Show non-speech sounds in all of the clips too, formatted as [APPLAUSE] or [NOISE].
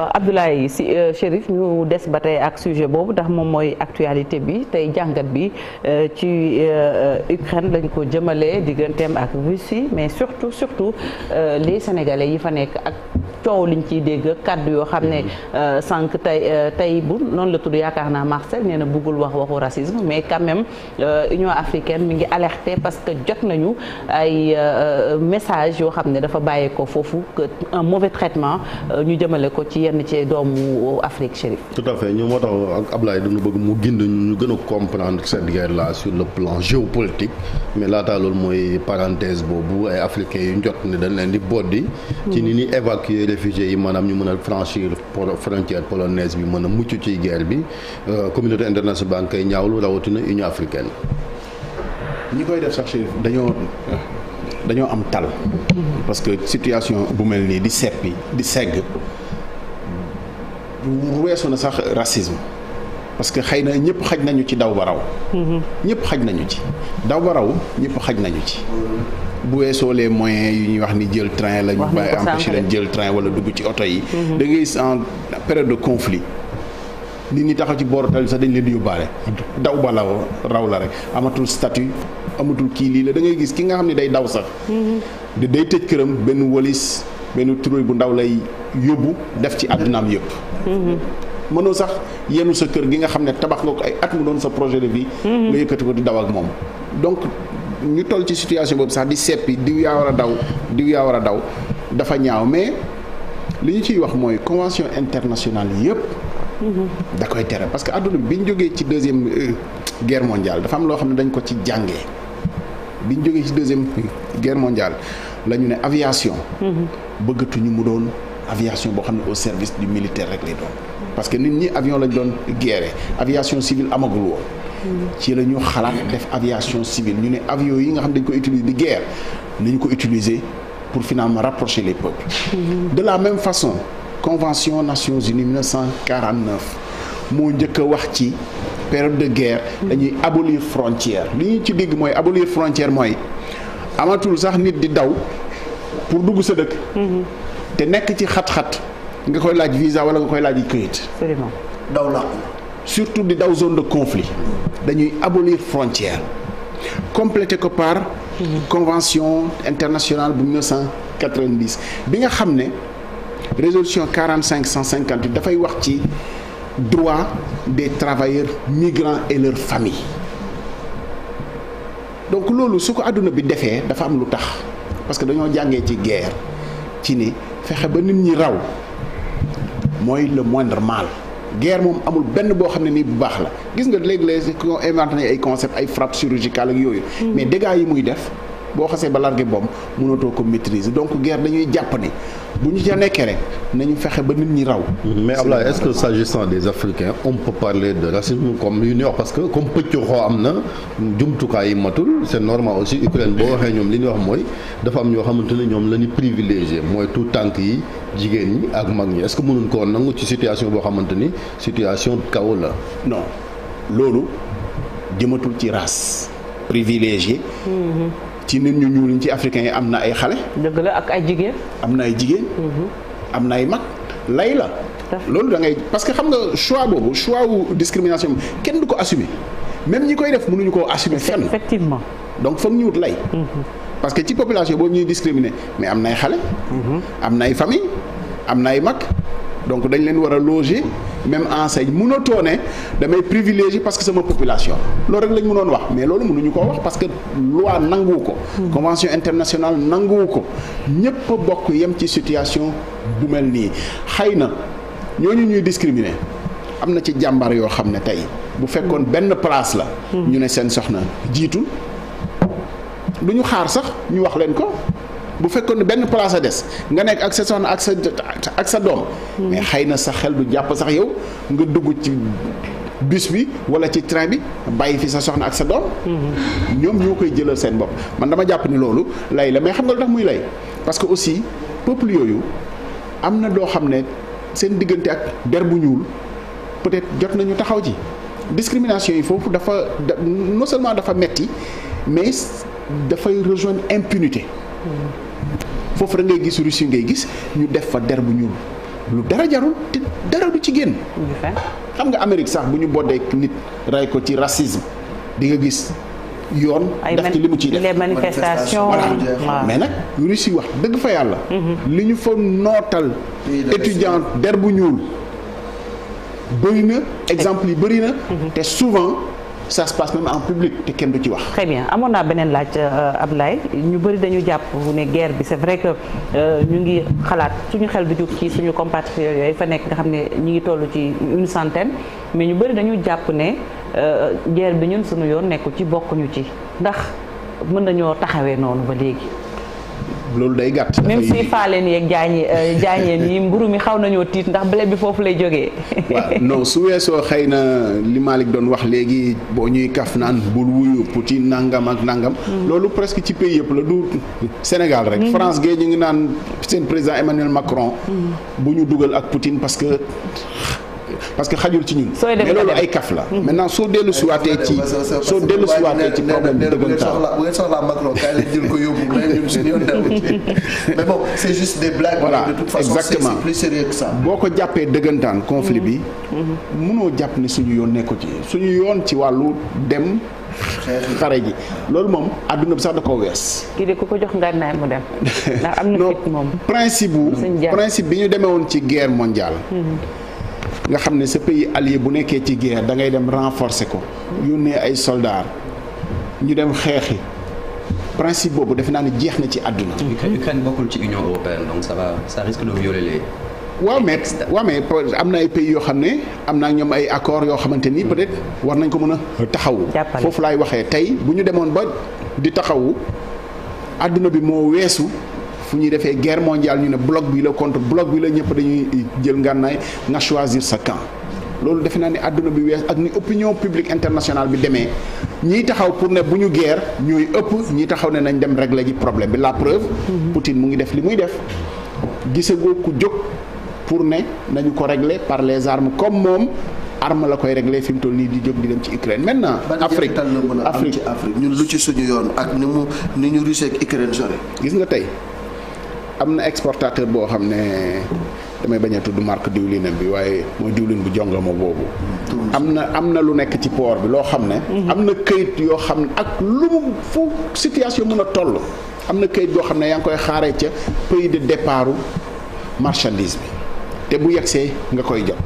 Euh, Abdoulaye si euh, Chérif ñu des ba tey ak sujet boobu ndax moom mooy actualité bi tey jàngat bi euh, ci Ukraine lañ ko jëmalee digganteem ak Russie mais surtout surtout lii Sénégalais yi fa nekk ak. coow liñ ciy dégg ak yoo xam ne mhm. euh, sànq tey euh, tey bu noonu la tudd yaakaar naa Marcel nee na bëggul wax waxu racisme mais quand même euh, Union africaine mi ngi alerté parce que jot nañu ay message yoo xam ne dafa bàyyee ko foofu que mauvais traitement ñu jëmale ko ci yenn ci doomu Afrique chérif. tout à fait ñu moo tax ak Ablaye dañu bëgg mu gind ñu gën a comprendre cette guerre là sur le plan géopolitique mais laataa loolu mooy parenthèse boobu ay africains yu njot ne dañ leen di boddi ci réfugiés yi maanaam ñu mën a franchir frontière polonaise bi mën a mucc ci guerre bi euh, communauté internationale kay ñaawlu rawatina Union africaine. ñi koy def sax Chérif dañoo dañoo am tal. parce que situation bu mel nii di seppi di segg weesu na sax racisme. parce que xëy na ñëpp xaj nañu ci daw ba raw mm-hmm. ñëpp xaj nañu ci daw ba raw ñëpp xaj nañu ci bu weesoo les yu ñuy wax ni jël train la ñu bàyyi empêché leen jël train wala dugg ci oto yi mhm. da ngay gis en période de conflit nit ñi taxaw ci booru tali sax dañ leen di yóbbaale daw ba law raw la rek amatul statut amatul kii lii la da ngay gis ki nga xam ne day daw sax mhm. day tëj këram benn walis benn turóy bu ndaw lay yóbbu def ci àddunaam yëpp mhm. mënoo sax yenu sa kër gi nga xam ne tabax nga ko ay at mu doon sa projet de vie. nga yëkkati ko di daw ak moom ñu toll ci situation boobu sax di seppi diw yaa war a daw diw yaa war a daw dafa ñaaw mais li ñu ciy wax mooy convention internationale yëpp. Mhm. da koy tere parce que àdduna bi ñu jógee ci deuxième euh, guerre mondiale dafa am loo xam ne dañ ko ci jàngee bi ñu jógee ci deuxième guerre mondiale la ñu ne aviation. Mhm. ñu mu doon aviation boo xam ne au service du militaire rek lay doon. parce que nit ñi avion lañ doon guerre aviation civile amagul woon. ci la ñu xalaat def aviation civile ñu ne avion yi nga xam dañ ko utiliser di guerre nañ ko utiliser pour finalement rapprocher les peuples de la même façon convention Nations Unies 1949 moo njëkk a wax ci période de guerre dañuy abolir frontière li ñu ci digg mooy abolir frontière mooy amatul sax nit di daw pour dugg sa dëkk mm-hmm. te nekk ci xat-xat nga koy laaj visa wala nga koy laaj këyit daw làqu surtout di daw zone de conflit dañuy abolir frontière complété ko par convention internationale bu 1990 bi nga xam ne résolution 45 158 dafay wax ci droit des travailleurs migrants et leurs familles donc loolu su ko àdduna bi defee dafa am lu tax parce que dañoo jàngee ci guerre ci ni fexe ba nit ñi raw mooy le moindre mal guerre moom amul benn boo xam ne nii bu baax la gis nga léegi-léegi ko inventé nañ ay concept ay frappe chirurgicale ak yooyu mm. mais dégâts yi muy def boo xasee ba largué bomb mënatoo ko maîtriser donc guerre dañuy jàpp ni bu ñu ca nekkee rek nañu fexe ba nit ñi raw. mais Ablaye est-ce que s'agissant des Africains on peut parler de racisme comme yu ñuy wax parce que comme pëcc xoo am na jumtukaay yi matul c'est normal aussi Ukraine boo waxee ñoom li ñuy wax mooy dafa am ñoo xamante ne ñoom la ñu privilégié mooy tout tànk yi jigéen ñi ak mag ñi est-ce que mënuñ koo nangu ci situation boo xamante ni situation kaw la. non loolu jëmatul ci race privilégiée. Mm-hmm. ci nit ñu ñuul ci africains yi am na ay xale. dëgg ak ay jigéen. am na ay jigéen. Mhm. am na ay mag lay la. loolu da ngay parce que xam nga choix boobu choix wu discrimination kenn du ko assumer même ñi koy def mënuñu koo ko fenn. effectivement donc foog ñu wut lay. Mhm. parce que ci population boobu ñuy discriminer mais am na ay xale. Mhm. am na ay famille am na ay mag donc dañ leen war a loger. même enseigne mënatoo ne damay privilégié parce que sama population loolu rek lañ mënoon wax mais loolu mënuñu ko wax parce que loi nanguwu ko. Hmm. convention internationale nanguwu ko ñëpp bokk yem ci situation bu mel nii xëy na ñooñu ñuy discriminer am na ci jàmbaar yoo xam ne tey bu fekkoon hmm. benn place la. Hmm. ñu ne seen soxna jiitu du ñu xaar sax ñu wax leen ko. bu fekkoon ne benn place a des nga nekk ak sa soxna ak sa ak sa doom. Hmm. mais xëy na sa xel du jàpp sax yow nga dugg ci. bus bi wala ci train bi bàyyi fi sa soxna ak sa doom. Hmm. ñoom ñoo koy jëlal seen bopp man dama jàpp ni loolu lay la mais xam nga lu tax muy lay parce que aussi peuple yooyu am na doo xam ne seen diggante ak der bu ñuul peut-être jot nañu taxaw ci. discrimination yi foofu dafa non seulement dafa metti mais dafay rejoindre impunité. Hmm. foofu rek ngay gis Russie ngay gis ñu def fa der bu ñuul lu dara jarul te dara du ci génn. xam nga Amérique sax bu ñu boddee nit rey ko ci racisme di nga gis yoon. def ci li mu ciy def les manifestations voilà mais nag Russie wax dëgg fa yàlla. Mhm. li ñu fa nootal. étudiant der bu ñuul bëri exemple yi bëri mhm. te souvent. ça se passe même public te kenn du ci wax. très bien amoon naa beneen laaj euh, laay ñu bëri dañu jàpp ne guerre bi c'est vrai que euh, ñu ngi xalaat suñu xel du jug ci suñu compatriotes yooyu fa nekk nga xam ne ñu ngi toll ci une centaine mais ñu bëri dañu jàpp ne euh, guerre bi ñun suñu yoon nekku ci bokkuñu ci ndax mën nañoo taxawee noonu ba léegi. loolu day gàtt. même si faaleen yeeg jaañi jaañeen yi mburu mi xaw nañoo tiit ndax blé bi foofu lay jógee. [LAUGHS] waaw non su weesoo xëy na li Malick doon wax léegi boo ñuy kaf naan bul wuyu Poutine nangam ak nangam. Mm. loolu presque ci pays yëpp la du Sénégal rek. Mm. France gee ñu ngi naan seen président Emmanuel Macron. Mm. bu ñu dugal ak Poutine parce que. parce que xajul ci ñun. mais loolu ay kaf la. Hmm. maintenant soo dellu si waatee ci soo dellu si waatee ci problème dëggantaan. bu ngeen de toute façon c' est plus sérieux boo ko jàppee dëggantaan conflit bi. mënoo hmm. hmm. jàpp ne suñu yoon nekko ci suñu yoon ci wàllu dem. xare ji loolu moom àdduna bi sax da koo wees. kii de ko jox na [LAUGHS] fit moom. principe bu principe bi ñu demee woon ci guerre mondial nga xam ne sa pays allié bu nekkee ci guerre dangay dem renforcer ko yónnee ay soldats ñu dem xeexi principe boobu defe naa ne jeex na ci àdduna. Ukraine bokkul ci Union européenne donc ça va ça risque de violer les. waaw mais waaw mais am na ay pays yoo xam ne am naa ñoom ay accords yoo xamante ni peut-être war nañ ko mën a taxawu. foofu laay waxee tey bu ñu demoon ba di taxawu àdduna bi moo weesu. fu ñuy defee guerre mondiale ñu ne bloc bi la contre bloc bi la ñëpp dañuy jël ngànnaay nga choisir sa camp. loolu defe naa ni àdduna bi wees ak ni opinion publique internationale bi demee ñiy taxaw pour ne bu ñu guerre ñooy ëpp ñiy taxaw ne nañ dem régler ji problème bi la preuve. Mhm. Poutine mu ngi def li muy def gisagoo ku jóg pour ne nañu ko régler par les armes comme moom. arme la koy réglé fi mu toll nii di jóg di dem ci Ukraine maintenant. Afrique ban mën a Afrique ñun lu ci suñu yoon ñu Russie ak Ukraine gis nga tey am na exportateur boo xam ne damay bañ a tudd marque diwlinam bi waaye mooy diwlin bu jongama boobu. am na am na lu nekk ci port bi loo xam ne. Mhm. am na kayit yoo xam ne ak lu mu fu situation mën a toll. am na kayit goo xam ne yaa ngi koy xaaree ca pays de départ marchandise bi te bu yegsee nga koy jot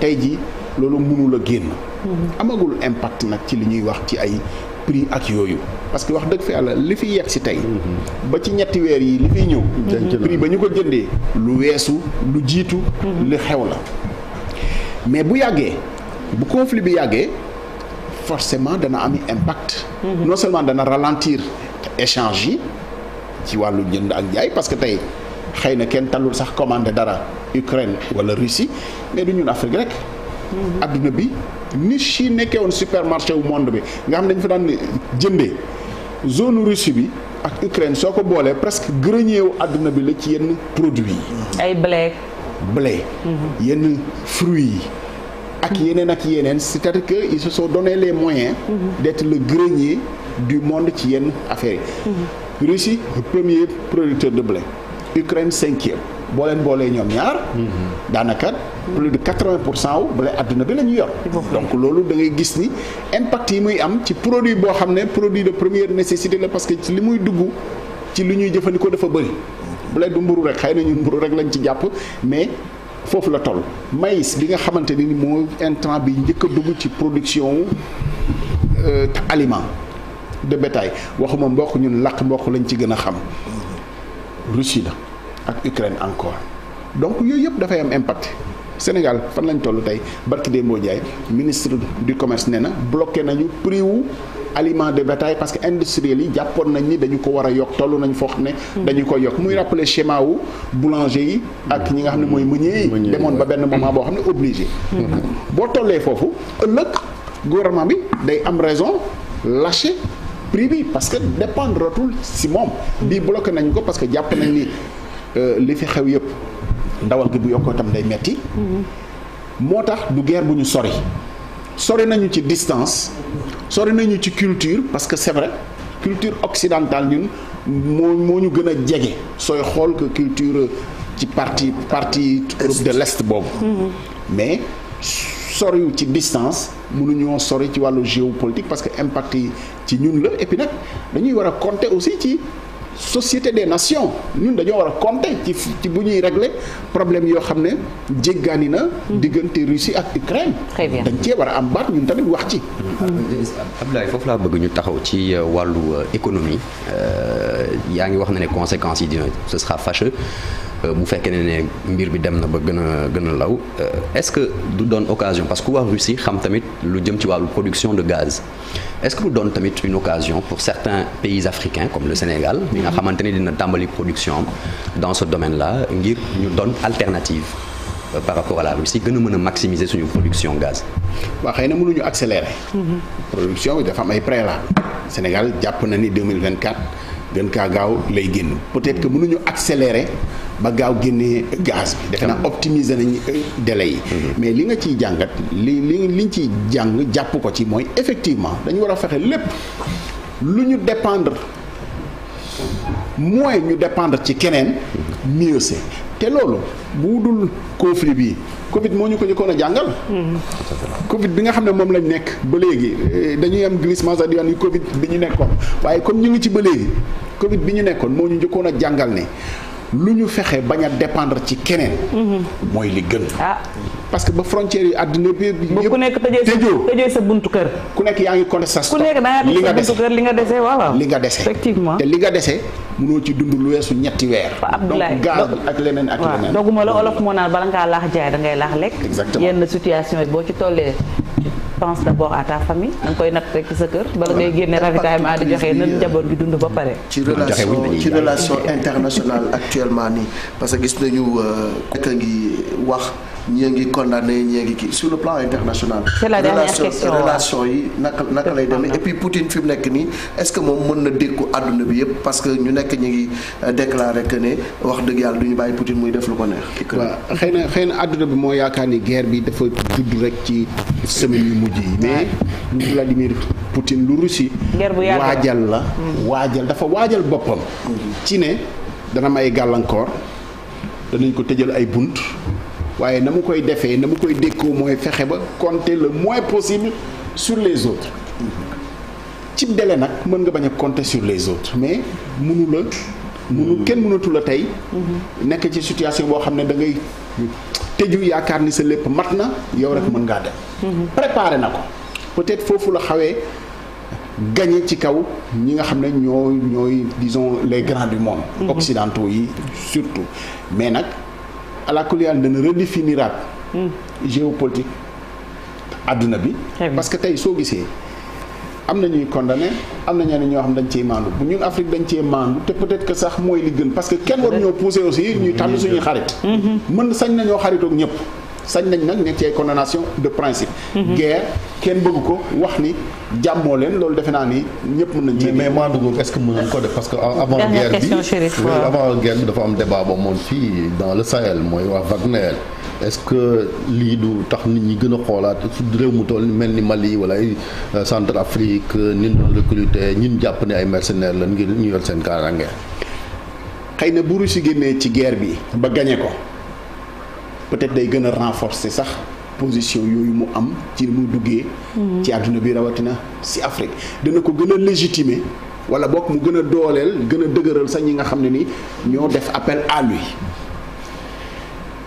tey ji loolu mënul a génn. Mhm. amagul impact nag ci li ñuy wax ci ay prix ak yooyu parce que wax dëgg fa yàlla li fi yegg si tey ba ci ñetti weer yi li fiy ñëw prix ba ñu ko jëndee lu weesu lu jiitu li xew la mais bu yàggee bu conflit bi yàggee forcément dana am impact mhm. non seulement dana ralentir échange yi ci wàllu jënd ak jaay parce que tey xëy na kenn talul sax commandé dara Ukraine wala Russie mais du ñun Afrique rek adduna bi niche yi nekkee woon supermarché wu monde bi nga xam ne dañu fa daan jënde zone Russie bi ak Ukraine soo ko boolee presque grenier wu adduna bi la ci yenn produit yi. ay blé. blé. Mhm. yenn fruits yi. ak yeneen ak yeneen cest que ils se sont donné les moyens. Mhm. d'être le grenier du monde ci yenn affaires yi. Mhm. Russie premier producteur de blé. Ukraine cinquième. boo leen boolee ñoom ñaar. Mhm. daanaka plus de 80 pour cent wu bële adduna bi la ñu yor. donc loolu da ngay gis ni impact yi muy am ci produit boo xam ne produit de première nécessité la parce que ci li muy dugg ci li ñuy jëfandikoo dafa bëri. bu leen du mburu rek xëy na ñun mburu rek lañ ci jàpp mais. foofu la toll maïs bi nga xamante ni moo intrant bi njëkk a dugg ci production euh, aliment de bétail waxuma mboq ñun làq mboq lañ ci gën a xam Russie la ak Ukraine encore donc yooyu yëpp dafay am impact Sénégal fan lañ toll tey barki Dembo Ndiaye ministre du commerce nee na bloqué nañu prix wu aliment de bétail parce que industriels yi jàppoon nañ ni dañu ko war a yokk toll nañ foo xam ne hmm. dañu ko yokk muy rappeler schéma wu boulanger yi ak ñi nga xam ne mooy meunier yi demoon ba benn moment boo xam ne obligé hmm. boo tollee foofu ëllëg gouvernement bi day am raison lâché prix bi parce que dépendre rotul si moom bii bloqué nañ ko parce que jàpp nañ Euh, li fi xew yëpp ndawal gi bu yokk itam day metti moo tax du guerre bu ñu sori sori nañu ci distance sori nañu ci culture parce que c'est vrai culture occidentale ñun moo moo ñu gën a jege sooy xool que culture ci parti parti Europe de l'Est boobu mm-hmm. mais soriw ci distance mënuñoo sori ci wàllu géopolitique parce que impact yi ci ñun la et dañuy war a aussi ci société des nations ñun dañoo war a compter ci ci bu ñuy régler problème yoo xam ne jéggaani na. diggante Russie ak Ukraine. très bien dañ cee a am baat ñun tamit wax ci. Abdoulaye foofu laa bëgg ñu taxaw ci euh, wàllu euh, économie euh, yaa ngi wax na ne conséquence yi dina ce sera fâcheux. Euh, bu fekkee ne mbir bi dem na ba gën a gën a law euh, est-ce que du doon occasion parce que ku wax Russie xam tamit lu jëm ci wàllu production de gaz est-ce que du doon tamit une occasion pour certains pays africains comme le Sénégal mi nga xamante ni dina tàmbali production am dans ce domaine-là ngir ñu doon alternative euh, par rapport à la Russie gën a mën a maximiser suñu production gaz. waaw xëy na mënuñu accélérer. production bi dafa am ay préalable. Sénégal jàpp na ni 2024 gën kaa gaaw lay génn peut-être que mënuñu accélérer. ba gaaw génnee gaz bi defe na optimiser nañ euh, délai yi mhm. mais li nga ciy jàngat li li liñ ciy jàng jàpp ko ci mooy effectivement dañu war a fexe lépp lu ñu dépendre moins ñu dépendre ci keneen mieux c'est te loolu bu dul conflit bi Covid moo ñu ko njëkkoon a jàngal. Mhm. Covid bi nga xam ne moom lañ nekk ba léegi euh, dañuy am glissement sax di wax Covid bi ñu nekkoon waaye comme ñu ngi ci ba léegi Covid bi ñu nekkoon moo ñu njëkkoon a jàngal ne. lu ñu fexe bañ a dépendre ci keneen. Mhm. mooy li gën. Ah. parce que ba frontière yi àddina bi yëpp. ku nekk tëjee sa buntu kër. ku nekk yaa ngi contestation. ku nekk da nga tëj sa li nga dese waaw li nga dese effectivement te li nga dese mënoo ci dund lu weesu ñetti weer. donc gaz ak leneen ak leneen. doguma la olof moo naan bala ngaa laax jaay da ngay laax lekk. exactement yenn situation yi boo ci tollee. pense d'abord à ta famille da nga koy natt rek ci sa kër bala ngay génne ravitaillement di joxe na njaboot gi dund ba pare ci relation internationale actuellement nii parce que gis nañu nekk euh, ngi wax ñii ngi condamné ñii ngi kii sur le plan international. c'est la dernière question relation yi naka naka lay demee et puis Poutine fi mu nekk nii est-ce que moom mën na dékku àdduna bi yëpp parce que ñu nekk ñu ngi euh, déclaré que ne wax dëgg yàlla du ñu bàyyi Poutine muy def lu ko neex. waaw xëy na xëy na àdduna bi moo yaakaar ni guerre mais yi mais Vladimir Poutine lu Russie waajal la mm. waajal dafa waajal boppam ci ne dana may gàllankoor danañ ko tëjal ay bunt waaye na mu koy defee na mu koy dékkoo mooy fexe ba compter le moins possible sur les autres cib délai nag mën nga bañ a compter sur les autres mais mënu la mënu mm. kenn mënatula tey mm-hmm. nekk ci situation boo xam ne da ngay tëju yaakaar ni sa lépp mat na yow rek mën ngaa dem préparé na ko peut-être foofu la xawee gagné ci kaw ñi nga xam ne ñoo ñooy disons les grand du monde mhm. occidentaux yi surtout mais nag àlakulial dana redéfiniraat mm. géopolitique àdduna bi eh parce que tey soo gisee am na ñuy condamné am na ñeneen ñoo xam dañ cee maandu bu ñun Afrique dañ cee maandu te peut-être que sax mooy li gën parce que kenn war ñoo poussé aussi ñuy tànn suñuy xarit mm-hmm. mën sañ nañoo xaritoog ñëpp sañ nañ nag nekk ci condamnation de principe mm-hmm. guerre kenn bëgg ko wax ni jàmmoo leen loolu defe naa ni ñëpp mën nañ ci mais maandu googu est-ce ko def parce que avant guerre bi avant dafa am débat boo moom fii dans le Sahel mooy wax Wagner est-ce que lii du tax nit ñi gën a xoolaat su réew mu toll mel ni Mali wala ay euh, Centrafrique euh, ñun doon recruter ñun jàpp ne ay mercenaires la ngir ñu yor seen kaaraange. xëy na bu si génnee ci guerre bi ba gañe ko peut-être day gën a renforcer sax position yooyu mu am ci mu duggee. Mm-hmm. ci àdduna bi rawatina si Afrique dana ko gën a légitimer. wala bokk mu gën a dooleel gën a dëgëral sax ñi nga xam ne ni ñoo def appel à lui.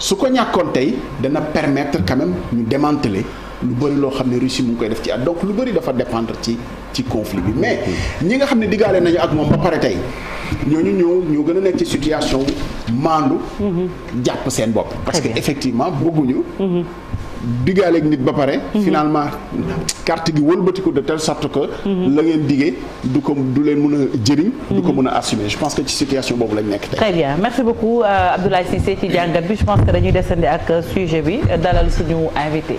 su ko ñàkkoon tey dana permettre quand ñu démanteler lu bëri loo xam ne Russie mu ngi koy def ci at donc lu bëri dafa dépendre ci ci conflit bi mais ñi nga xam ne digaale nañu ak moom ba pare tey ñooñu ñëw ñoo gën a nekk ci situation maandu mhm. jàpp seen bopp parce que effectivement bëgguñu mhm. digaaleeg nit ba pare. Mhm. finalement carte gi wëlbatiku de telle sorte que. Mhm. la ngeen diggee du ko du leen mën a jëriñ. du ko mën mhm. a assumer je pense que ci situation boobu lañ nekk tey. très bien merci beaucoup euh, Abdoulaye Cissé ci jàngat bi je pense que dañuy desandi ak sujet bi dalal suñu invité.